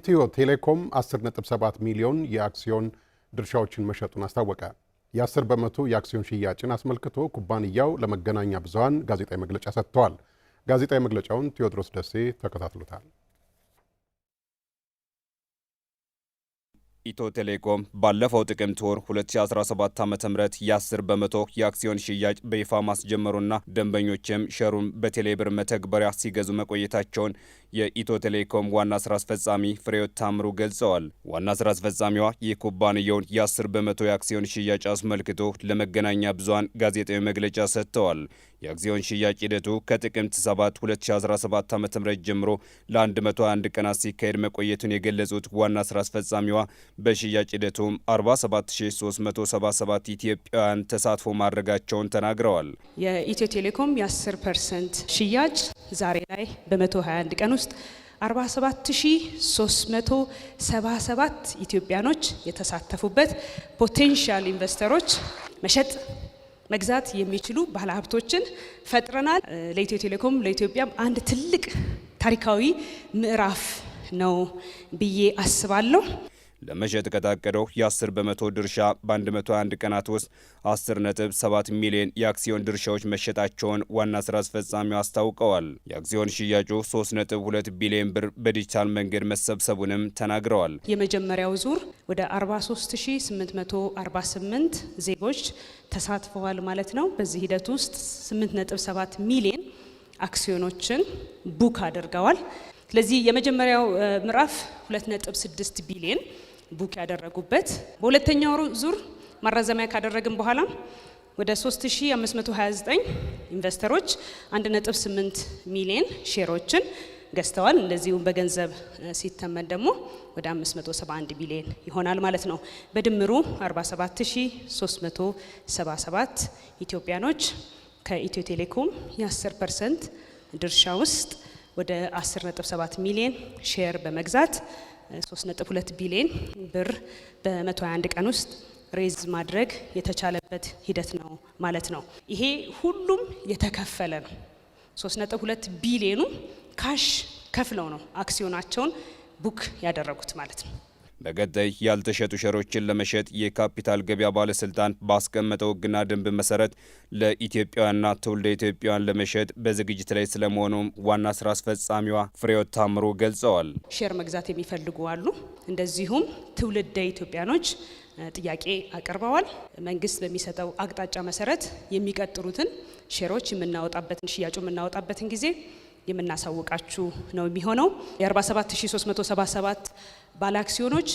ኢትዮ ቴሌኮም 10.7 ሚሊዮን የአክሲዮን ድርሻዎችን መሸጡን አስታወቀ። የ10 በመቶ የአክሲዮን ሽያጭን አስመልክቶ ኩባንያው ለመገናኛ ብዙሃን ጋዜጣዊ መግለጫ ሰጥተዋል። ጋዜጣዊ መግለጫውን ቴዎድሮስ ደሴ ተከታትሎታል። ኢትዮ ቴሌኮም ባለፈው ጥቅምት ወር 2017 ዓ ም የ10 በመቶ የአክሲዮን ሽያጭ በይፋ ማስጀመሩና ደንበኞችም ሸሩን በቴሌብር መተግበሪያ ሲገዙ መቆየታቸውን የኢትዮ ቴሌኮም ዋና ስራ አስፈጻሚ ፍሬዮት ታምሩ ገልጸዋል። ዋና ስራ አስፈጻሚዋ የኩባንያውን የ10 በመቶ የአክሲዮን ሽያጭ አስመልክቶ ለመገናኛ ብዙሃን ጋዜጣዊ መግለጫ ሰጥተዋል። የአክሲዮን ሽያጭ ሂደቱ ከጥቅምት 7 2017 ዓ ም ጀምሮ ለ121 ቀናት ሲካሄድ መቆየቱን የገለጹት ዋና ስራ አስፈጻሚዋ በሽያጭ ሂደቱም 47377 ኢትዮጵያውያን ተሳትፎ ማድረጋቸውን ተናግረዋል። የኢትዮ ቴሌኮም የ10 ፐርሰንት ሽያጭ ዛሬ ላይ በ121 ቀን ውስጥ 47377 ኢትዮጵያኖች የተሳተፉበት ፖቴንሻል ኢንቨስተሮች መሸጥ መግዛት የሚችሉ ባለሀብቶችን ፈጥረናል። ለኢትዮ ቴሌኮም ለኢትዮጵያም አንድ ትልቅ ታሪካዊ ምዕራፍ ነው ብዬ አስባለሁ። ለመሸጥ ከታቀደው የ10 በመቶ ድርሻ በ121 ቀናት ውስጥ 10.7 ሚሊዮን የአክሲዮን ድርሻዎች መሸጣቸውን ዋና ስራ አስፈጻሚው አስታውቀዋል። የአክሲዮን ሽያጩ 3.2 ቢሊዮን ብር በዲጂታል መንገድ መሰብሰቡንም ተናግረዋል። የመጀመሪያው ዙር ወደ 43848 ዜጎች ተሳትፈዋል ማለት ነው። በዚህ ሂደት ውስጥ 8.7 ሚሊዮን አክሲዮኖችን ቡክ አድርገዋል። ስለዚህ የመጀመሪያው ምዕራፍ 2.6 ቢሊዮን ቡክ ያደረጉበት በሁለተኛው ዙር ማራዘሚያ ካደረግን በኋላ ወደ 3529 ኢንቨስተሮች 1.8 ሚሊዮን ሼሮችን ገዝተዋል። እንደዚሁም በገንዘብ ሲተመን ደግሞ ወደ 571 ቢሊዮን ይሆናል ማለት ነው። በድምሩ 47377 ኢትዮጵያኖች ከኢትዮ ቴሌኮም የ10 ፐርሰንት ድርሻ ውስጥ ወደ 10.7 ሚሊዮን ሼር በመግዛት 3.2 ቢሊዮን ብር በ121 ቀን ውስጥ ሬዝ ማድረግ የተቻለበት ሂደት ነው ማለት ነው። ይሄ ሁሉም የተከፈለ ነው። 3.2 ቢሊዮኑ ካሽ ከፍለው ነው አክሲዮናቸውን ቡክ ያደረጉት ማለት ነው። በቀጣይ ያልተሸጡ ሸሮችን ለመሸጥ የካፒታል ገበያ ባለስልጣን ባስቀመጠው ሕግና ደንብ መሰረት ለኢትዮጵያውያንና ትውልደ ኢትዮጵያውያን ለመሸጥ በዝግጅት ላይ ስለመሆኑም ዋና ስራ አስፈጻሚዋ ፍሬዎት ታምሮ ገልጸዋል። ሼር መግዛት የሚፈልጉ አሉ። እንደዚሁም ትውልደ ኢትዮጵያኖች ጥያቄ አቅርበዋል። መንግስት በሚሰጠው አቅጣጫ መሰረት የሚቀጥሉትን ሼሮች የምናወጣበትን ሽያጩ የምናወጣበትን ጊዜ የምናሳውቃችሁ ነው የሚሆነው። የ47377 ባለ አክሲዮኖች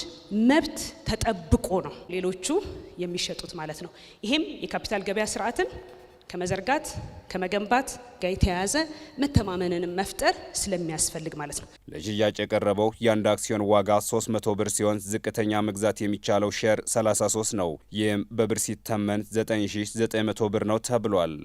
መብት ተጠብቆ ነው ሌሎቹ የሚሸጡት ማለት ነው። ይሄም የካፒታል ገበያ ስርዓትን ከመዘርጋት ከመገንባት ጋር የተያያዘ መተማመንንም መፍጠር ስለሚያስፈልግ ማለት ነው። ለሽያጭ የቀረበው የአንድ አክሲዮን ዋጋ 300 ብር ሲሆን ዝቅተኛ መግዛት የሚቻለው ሼር 33 ነው። ይህም በብር ሲተመን 9900 ብር ነው ተብሏል።